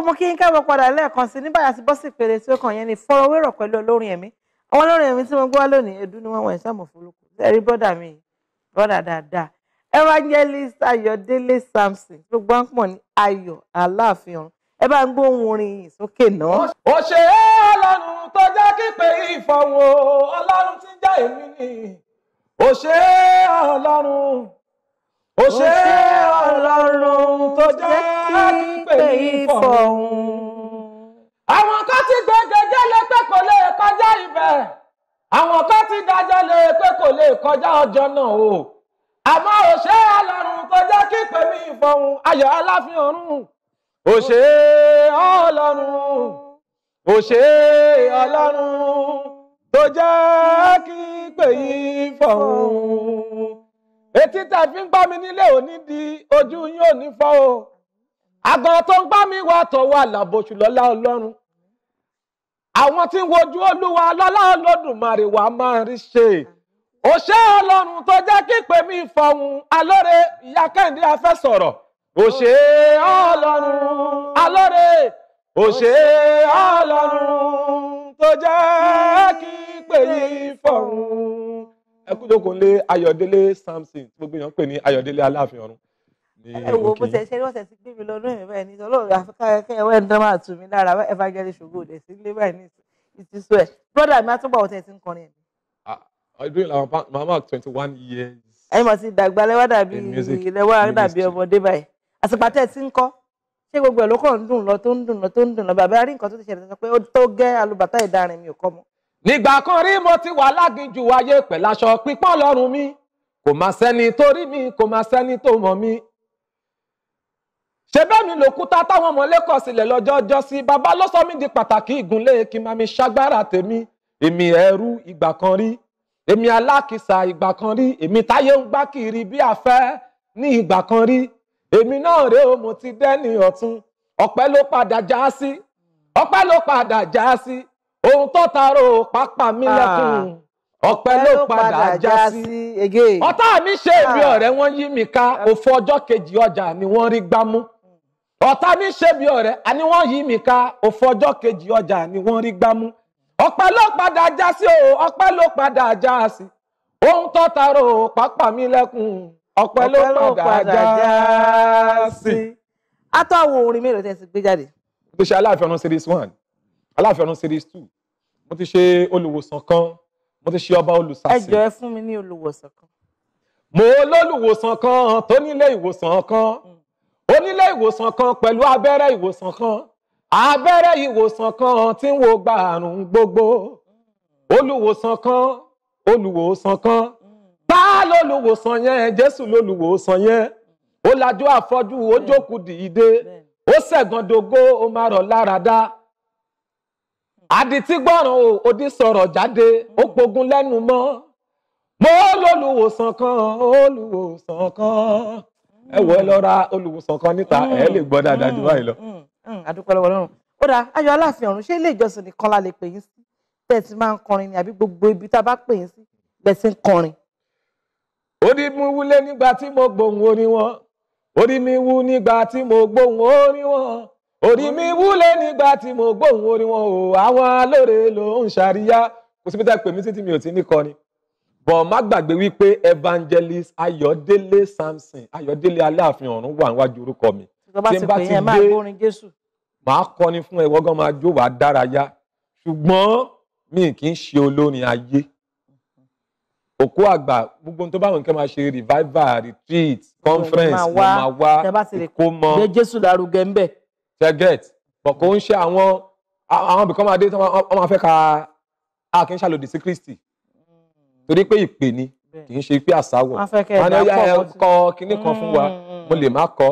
so mo kí yín káàbọ̀ padà lẹ́ẹ̀kan sí nígbà yàtí bọ́sì péré tí ó kàn yẹn ni fọ̀rọ̀wérọ̀ pẹ̀lú olórin ẹ̀mí àwọn olórin ẹ̀mí tí mo gbọ́ lónìí edu ni wọ́n wọ̀ ẹ̀ṣẹ́ àmọ̀ fọlọ́kù ẹ̀rí bọ́dà mi bọ́dà dáadáa evangelist ayọ̀délé samson gbogbo àwọn pọ̀ ní ayọ̀ aláàfin ẹ bá ń gbóhùn orin yìí sókè náà. ó ṣe ọlọ́run tó jẹ́ kípe ìfọ̀wọ́ ọlọ́run ti já èmi ni ó ṣe ọlọ́run tó jẹ́ pé ìfọ̀hún. àwọn kan ti gbẹgẹdẹ lé pé kò lè kọjá ibẹ̀ àwọn kan ti dájọ́ lé pé kò lè kọjá ọjọ́ náà o àmọ́ ó ṣe ọlọ́run tó jẹ́ kí pèmí ìfọ̀hún ayọ̀ aláfin ọ̀run ó ṣe ọlọ́run ó ṣe ọlọ́run tó jẹ́ kí pèyí fọ̀hún. etí tẹ̀ fi ń gbá mi nílé òní di ojú yín ò ní fọ́ o àgbọn tó ń gbá mi wà tọ̀wọ́ àlàbòṣù lọ́lá ọlọ́run àwọn tí ń wojú olúwa lọ́lá olódùmarè wà máa rí ṣe ó ṣé ọlọ́run tó jẹ́ kí pè mí fọ̀hún alóore ìyá kẹ́hìndé afẹ́ sọ̀rọ̀ ó ṣé ọlọ́run alóore ó ṣé ọlọ́run tó jẹ́ kí pè yí fọ̀hún. ẹkújókòó lé Ayọ̀délé Samson tí gbogbo èèyàn ń pè ní Ayọ̀délé Aláàfin Ọ̀run. ẹ wo bó ṣe ṣe ní ọ̀sẹ̀ tí gbé mi lọ́dún yìí báyìí nítorí olóòrè Africa ẹ̀kẹ́ ẹ̀wẹ́ ń dán máa tù mí lára evangelist ṣògo òde sí ilé báyìí ní ìtìsú ẹ̀ brọ́dà mi àtúbọ̀ ọ̀tẹ̀ ti ń kọrin ẹ̀. Ah, ọdún ìlànà mama twenty one years. ẹ̀yin mọ̀ sí ìdàgbà lẹ́wà dàbí lẹ́wà dàbí ọmọdé báyìí àsìpàtẹ́ ti ń kọ́ ṣé gbogbo ẹ̀ ló kàn ń dùn lọ tó ń dùn lọ tó ń dùn lọ bàbá rí nǹkan tó ti ṣẹlẹ̀ sọ pé ó tó gẹ́ alùbàtà ìdarin mi ò kọ́ mọ́ nígbà kan rí mo ti wà láginjù ayé pẹ̀láṣọ pípọ́n lọ́rùn mi kò má sẹ́ni tó rí mi kò má sẹ́ni tó mọ̀ mi. ṣe bẹ́ẹ̀ mi lòkúta táwọn mọ̀lẹ́kọ̀ sílẹ̀ lọ́jọ́jọ́ sí bàbá ló sọ mí di pàtàkì ìgúnlé kí n máa mi ṣàgbára tèmi èmi ẹ̀rú ìgbà kan rí èmi alákìsà ìgbà kan rí èmi táyé ń gbá kiri bí afẹ́ ní ìgbà kan rí èmi náà rèé o mo ti dẹ́ni ọ̀tún ọ̀pẹ́ ló padà já sí ọ̀pẹ́ ló padà já sí ohun tó taaro pápá mi ah. lẹ́kùn ọ̀pẹ ló padà já sí ah. ah. ọ̀tá mi ṣe èmi ọ̀rẹ́ wọ́n yí mi ká òfò ọjọ́ kejì ọjà ni wọ́n rí gbámú ọ̀tá mi ṣe bí ọ̀rẹ́ àní wọ́n yí mi ká òfò ọjọ́ kejì ọjà ni wọ́n rí gbámú ọ̀pẹ ló padà já sí o ọ̀pẹ ló padà já sí ohun tó taaro pápá mi lẹ́kùn ọ̀pẹ ló padà já sí. atọ́ àwọn orin mélòó tẹ́ ti gbé jáde. ìgbésẹ̀ aláàfin ọ̀run series one aláfẹ̀rún series two mo ti ṣe olùwòsàn kan mo ti ṣe ọba olùsàsìn. ẹ jọ ẹ fún mi ní olùwòsàn kan. mo lólùwòsàn kan tó nílé ìwòsàn kan onílé ìwòsàn kan pẹ̀lú abẹ́rẹ́ ìwòsàn kan abẹ́rẹ́ ìwòsàn kan tí ń wo gba àrùn gbogbo olùwòsàn kan olùwòsàn kan bá lólùwòsàn yẹn jésù lólùwòsàn yẹn ó lajú àfọ́jú ó jókòó dìde ó ṣẹ̀gàn dògó ó má rọ̀ láradá àdìtí gbọ́ràn o òdì sọ̀rọ̀ jáde ó pogun lẹ́nu mọ́ mo lólùwòsàn kan olùwòsàn kan ẹ wọ ẹ lọ ra olùwòsàn kan níta mm, ẹ lè gbọ́ dáadáa jù mm, báyìí lọ. Mm, àdúpẹ́ lọ́wọ́ lọ́rùn ó dáa ayọ̀ aláàfin ọ̀run ṣé ilé ìjọsìn nìkan la lè pè yín sí bẹ́ẹ̀ ti máa ń kọrin ni àbí gbogbo ibi tá a bá pè yín sí bẹ́ẹ̀ ti ń kọrin. orí mi wúlé nígbà tí mo gbóhùn orin wọn orí mi wú nígbà tí mo gbóhùn orin wọn orí mi wúlé nígbà tí mo gbóhùn orí wọn o àwọn alóore ló ń ṣàríyá kò síbi tá a pè mí títí mi ò ti ní kọrin bọ̀ má gbàgbé wípé evangelist ayọ̀délé samson ayọ̀délé aláàfin ọ̀run wà níwájú orúkọ mi tí n bá ti dé màá kọrin fún ẹ wọ́gán máa jó wàá dárayá ṣùgbọ́n mi kì í ṣe olórin ayé òkú àgbà gbogbo tó báwọn nǹkan máa ṣe revival retreat conference ló máa wá ìkómọ gbé Jésù lárugẹ ńbẹ ṣe get but kò ń ṣe àwọn àwọn ibìkan máa dé tí wọ́n máa fẹ́ ka a kì í ṣàlòdì sí Kristi torí pé ìpè ni kì í ṣe pé àṣàwọ̀ wọn ni ó yá ẹ kọ kinní kan fún wa mm, mm, mo lè mm. má kọ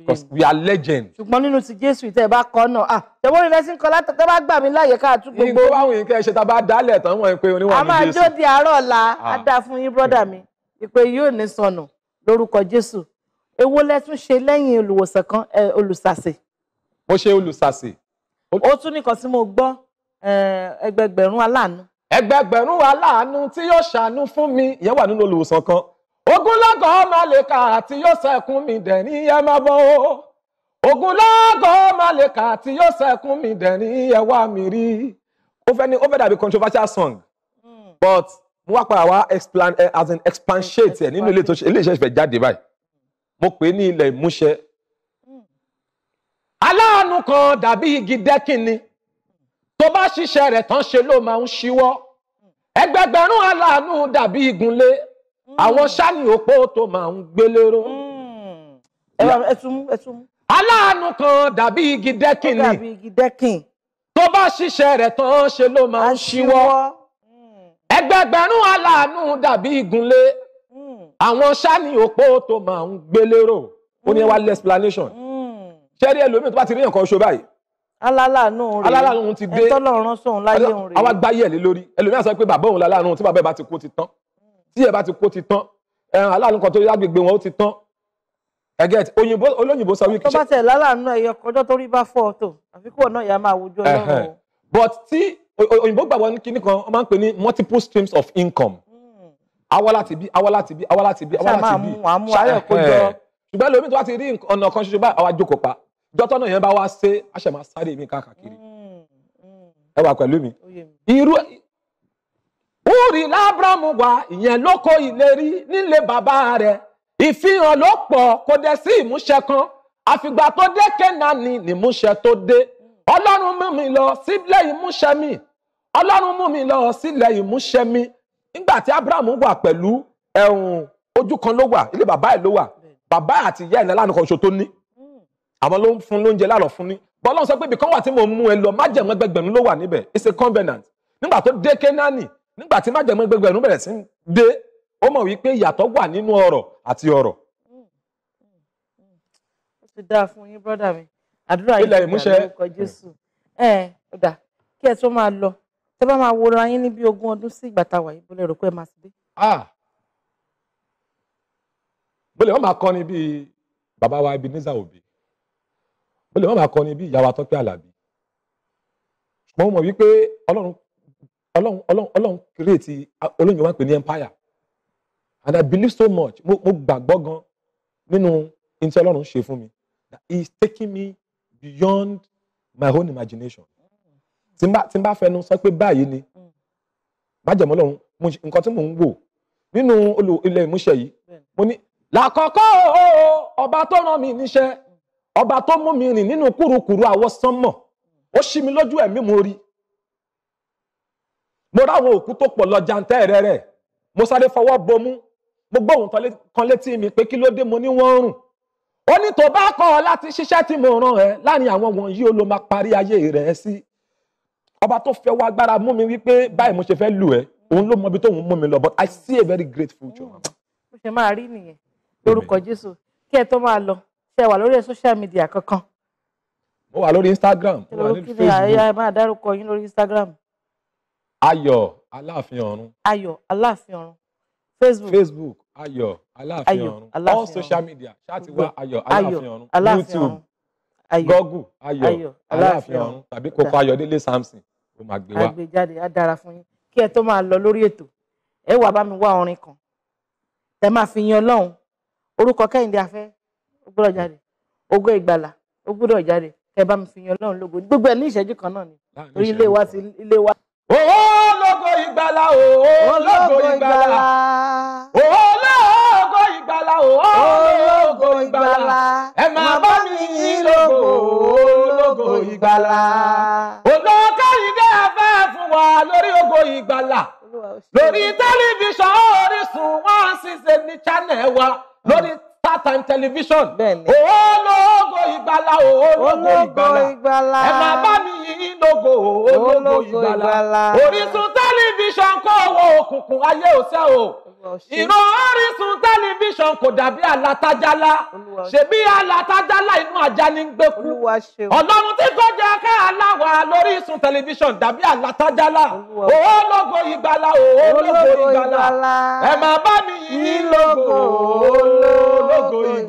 because we are legends. ṣùgbọ́n nínú ti jésù ìtẹ́ bá kọ́ náà ah tẹ̀wọ́n rẹ̀ sí nǹkan látọ̀ tẹ́ bá gbà mí láàyè ká àtún gbogbo. ìgbó báwọn yìí kẹ́ ẹ ṣe tá a bá dálẹ̀ tán wọ́n ń pe oníwà ní jésù. a máa jó di àárọ̀ ọ̀la á ah. dá fún yín brọ́dà mi ìpè yóò ní sọnù lórúkọ jésù èwo lẹ tún ṣe lẹ́yìn olùwòsàn kan olùsàsè ó ṣe olùsàsì. ó tún nìkan tí mo gbọ́ eh, ẹgbẹgbẹ̀rún aláàánú. ẹgbẹgbẹ̀rún aláàánú tí yóò ṣàánú fún mi ìyẹn wà nínú olùwòsàn kan ogunlọ́gọ̀ ọmọ lè àti yóò sẹ̀kún mi dẹ̀ ní ẹ máa bọ̀ o ogunlọ́gọ̀ ọmọ lè àti yóò sẹ̀kún mi dẹ̀ ní ẹ wá mi rí ó fẹ́ ní ó fẹ́ dàbí controversial song mm. but mo wá padà wá explan eh, as in expatiate hmm, ẹ̀ nínú ilé iṣẹ́ ìfẹ́ jáde báyìí mo pè é ní ilẹ̀ ìmúṣẹ aláàánú kan dàbí igi dẹ́kìnni tó bá ṣiṣẹ́ rẹ̀ tán ṣe ló máa ń ṣíwọ́ ẹgbẹgbẹ̀rún aláàánú dàbí igunlé àwọn sáni òpó tó máa ń gbélérò. Hmm. aláàánú kan dàbí igi dẹ́kìnni tó bá ṣiṣẹ́ rẹ̀ tán ṣe ló máa ń ṣíwọ́ ẹgbẹgbẹ̀rún aláàánú dàbí igunlé hmm. àwọn sáni òpó tó máa ń gbélérò ó ní wá explanation. Mm ṣẹ́rí ẹlòmíì tó bá ti rí nǹkan oṣù báyìí. alálàánú rẹ̀ alálàánú ti dé ẹ̀ńtọ́lọ́run sóun láyé òun rẹ̀. àwa gbáyé ẹ̀ lé lórí ẹlòmíì sọ pé bàbá òun lálàánú tí bàbá ẹ̀ bá ti kó ti tán tí ẹ̀ bá ti kó ti tán ẹ̀ràn aláàánú kan tó lágbègbè wọn ó ti tán ẹ̀gẹ́t òyìnbó olóyìnbó sọ wípé. tó bá tẹ̀ lálàánú ẹ̀yọ kọjọ́ tó rí bá fọ́ ọ tó àfikún ọ̀nà ìyá máa wojú ọlọ́run o. but tí òyìnbó gbàgbọ́ ní kinní kan wọ́n máa ń pè ní multiple streams of income awa hmm. láti bí awa láti bí awa láti bí awa láti bí ṣáyẹ̀ kó jọ ṣùgbọ́n lómi tó bá ti rí ọ̀nà kan ṣoṣo báyìí àwa jókòó pa jọ́tọ́ náà yẹn bá wá ṣe á ṣẹ̀ máa sáré mi káàkiri mm, mm. ẹ wà pẹ̀lú mi irú húrì lábúrámù wá ìyẹn lóko ìlérí nílé bàbá rẹ̀ ìfihàn ló pọ̀ kò dẹ̀ sí ìmúṣẹ kan àfìgbà tó dé kẹ́nani nìmúṣẹ tó dé ọlọ́run mú mi lọ sílẹ̀ ìmúṣẹ mi ọlọ́run mú mi lọ sílẹ̀ ìmúṣẹ mi nígbà tí abrahamu wà pẹ̀lú ẹ̀hún ojú kan ló wà ilé bàbá ẹ̀ ló wà bàbá àti ìyá ẹ̀ lẹ́lànà kan ṣo tó ní àwọn ló ń fún lóúnjẹ láàrọ̀ fún ní bọ́lá sọ pé ibì kan wà tí mo mú ẹ lọ májẹ̀mú ẹgbẹgbẹ̀rún ló wà níbẹ̀ it's a covenant nígbà tó dé Kenani? nígbà tí májẹ̀mú ẹgbẹgbẹ̀rún bẹ̀rẹ̀ sí dé ó mọ̀ wípé ìyàtọ̀ wà nínú ọrọ̀ àti ọrọ̀. ó ti dáa fún yín brọ́dà mi àdúrà yìí ti dà lórúkọ Jésù ẹ ẹ dà kí ẹ tó máa lọ tẹ bá máa wòra yín ní bí ogún ọdún sí ìgbà tá a wà yìí bólẹ̀ rò pé ẹ máa ti dé. bólẹ̀ ah! wọ́n máa kọ́ ni bíi bàbá wa Ebenezer Obey ó lè má máa kọrin bí ìyá wa Tọ́pẹ́ Àlàbí ṣùgbọ́n mo mọ̀ wípé ọlọ́run ọlọ́run ọlọ́run kírètì olóyìn wa ń pè ní empire and I believe so much mo mo gbàgbọ́ gan nínú ní tí ọlọ́run ṣe fún mi he is taking me beyond my own imagination tí n bá tí n bá fẹnu sọ pé báyìí ni bájẹ̀mọ́ lọ́run nǹkan tí mò ń wò nínú olù ilẹ̀ ìmúṣẹ yìí mo ní làkọ́kọ́ ọba tó rán mi níṣẹ́ ọba tó mú mi rìn nínú kúrukùru àwọn sánmọ̀ ó ṣí mi lójú ẹ̀mí mo rí mo ráwọn òkú tó pọ̀ lọ jantẹ́ rẹ̀ rẹ̀ mo sáré fọwọ́ bomú mo gbóhùn kan létí mi pé kí ló dé mo ní wọ́n ń rùn ó ní tó bá kọ̀ ọ́ láti ṣiṣẹ́ tí mo rán ẹ láàrin àwọn wọ̀nyí ó ló máa parí ayé rẹ̀ sí ọba tó fẹ́ wá agbára mú mi wípé báyìí mo ṣe fẹ́ lù ẹ́ òun ló mọ ibi tóun mú mi lọ but I see a very great future. mo ṣe máa rí nìyẹn lórúkọ Jésù kí ẹ tó máa lọ ṣe wà lórí social media kankan. mo wà lórí instagram mo wà lórí facebook. ẹ̀rọ ẹ máa dárúkọ yín lórí instagram. ayọ̀ aláàfin ọ̀run. ayọ̀ aláàfin ọ̀run. facebook. facebook ayọ̀ aláàfin ọ̀run. all social media ṣáàtì wá ayọ̀ aláàfin ọ̀run. youtube google ayọ̀ aláàfin ọ̀run tàbí kókó ayọ̀délé samson ló máa gbé wá. àgbéjáde á dára fún yín kí ẹ tó máa lọ lórí ètò ẹ wá bá mi wá orin kan ẹ máa fi yin ọlọ́run orúkọ kẹ́hìndé afẹ́ ó gbọ́dọ̀ jáde ògo ìgbàlà ó gbọ́dọ̀ jáde ẹ bá mi fi yan Ọlọ́run lógo gbogbo ẹ ní ìṣẹ́jú kan náà ni orí ilé wa sí ilé wa. owó lógo ìgbàlà owó lógo ìgbàlà owó lógo ìgbàlà owó lógo ìgbàlà ẹ máa bá mi yí lógo lógo ìgbàlà. ògo káyìndé afẹ́ fún wa lórí ògo ìgbàlà lórí tẹ́lifí and television. bẹ́ẹ̀ni. ológo ìgbàlà ológo ìgbàlà ẹ máa bá mi yìn lógo ológo ìgbàlà Orísun tẹlifíṣàn kò wọ òkùnkùn ayé òsè o ìran Orísun tẹlifíṣàn kò dàbí alátajálá ṣebí alátajálá inú ajá ní gbẹkú Ọlọ́run tí kò jẹ́ ká aláwa lórísun tẹlifíṣàn dàbí alátajálá ológo ìgbàlà ológo ìgbàlà ẹ máa bá mi yìn lógo ológo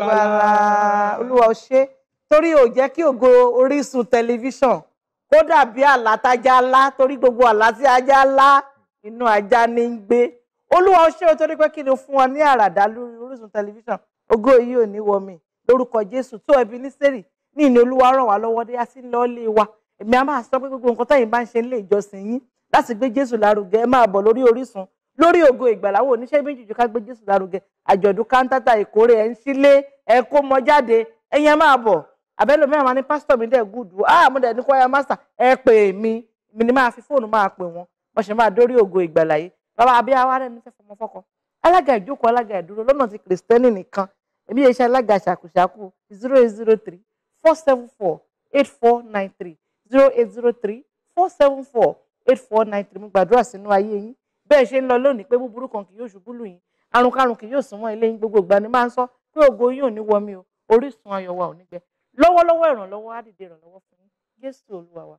gbàlà olúwa ó ṣe torí ò jẹ́ kí ògo orísun tẹlifíṣàn kó dàbí àlá tájá ńlá torí gbogbo àlá tí ajá ńlá inú ajá ní ń gbé olúwa ó ṣe o torí pé kí ni fún ọ ní àràdá lórí orísun tẹlifíṣàn ògo yìí ò ní wọmi lórúkọ jésù tó ẹbí nísèrì ní ìní olúwa ràn wá lọ́wọ́ dé sí lọ́ọ́lé wa èmi a máa sọ pé gbogbo nǹkan tẹ̀yin bá ń ṣe nílé ìjọsìn yín láti gbé jésù lárugẹ ẹ máa bọ̀ lórí orísun lórí ògo ìgbàláwo oníṣẹ́ méjì ju ká gbé jésù lárugẹ àjọ̀dún kántátà ìkórè ẹ̀ ń sílé ẹ̀ kó mọ jáde ẹ̀yẹn máa bọ̀ àbẹ́lò mẹ́rin máa ní pásítọ̀ mi dẹ̀ gùdù ah mo dẹ̀ ní choir master ẹ pè mí mi ni máa fi fóònù máa pè wọ́n mo ṣe máa dórí ògo ìgbàlà yìí bàbá àbí awárẹ̀ ní fẹ́ fọmọ fọkọ alága ìjókòó alága ìdúró lọ́nà ti kìrìsìtẹ́nì nìkan zero zero three four seven four eight four nine three zero eight zero three four seven four eight four nine three mo gbàdúrà sínú ayé bẹ́ẹ̀ ṣe ń lọ lónìí pé búburú kan kì yóò ṣubú lù yín àrùnkárùn kì yóò súnmọ́ ilé yín gbogbo ìgbà ni máa ń sọ pé ògo yín ò ní wọ o orísun ayọ̀ wa ò ní gbẹ lọ́wọ́lọ́wọ́ ìrànlọ́wọ́ á dìde ìrànlọ́wọ́ fún yín Jésù Olúwa wa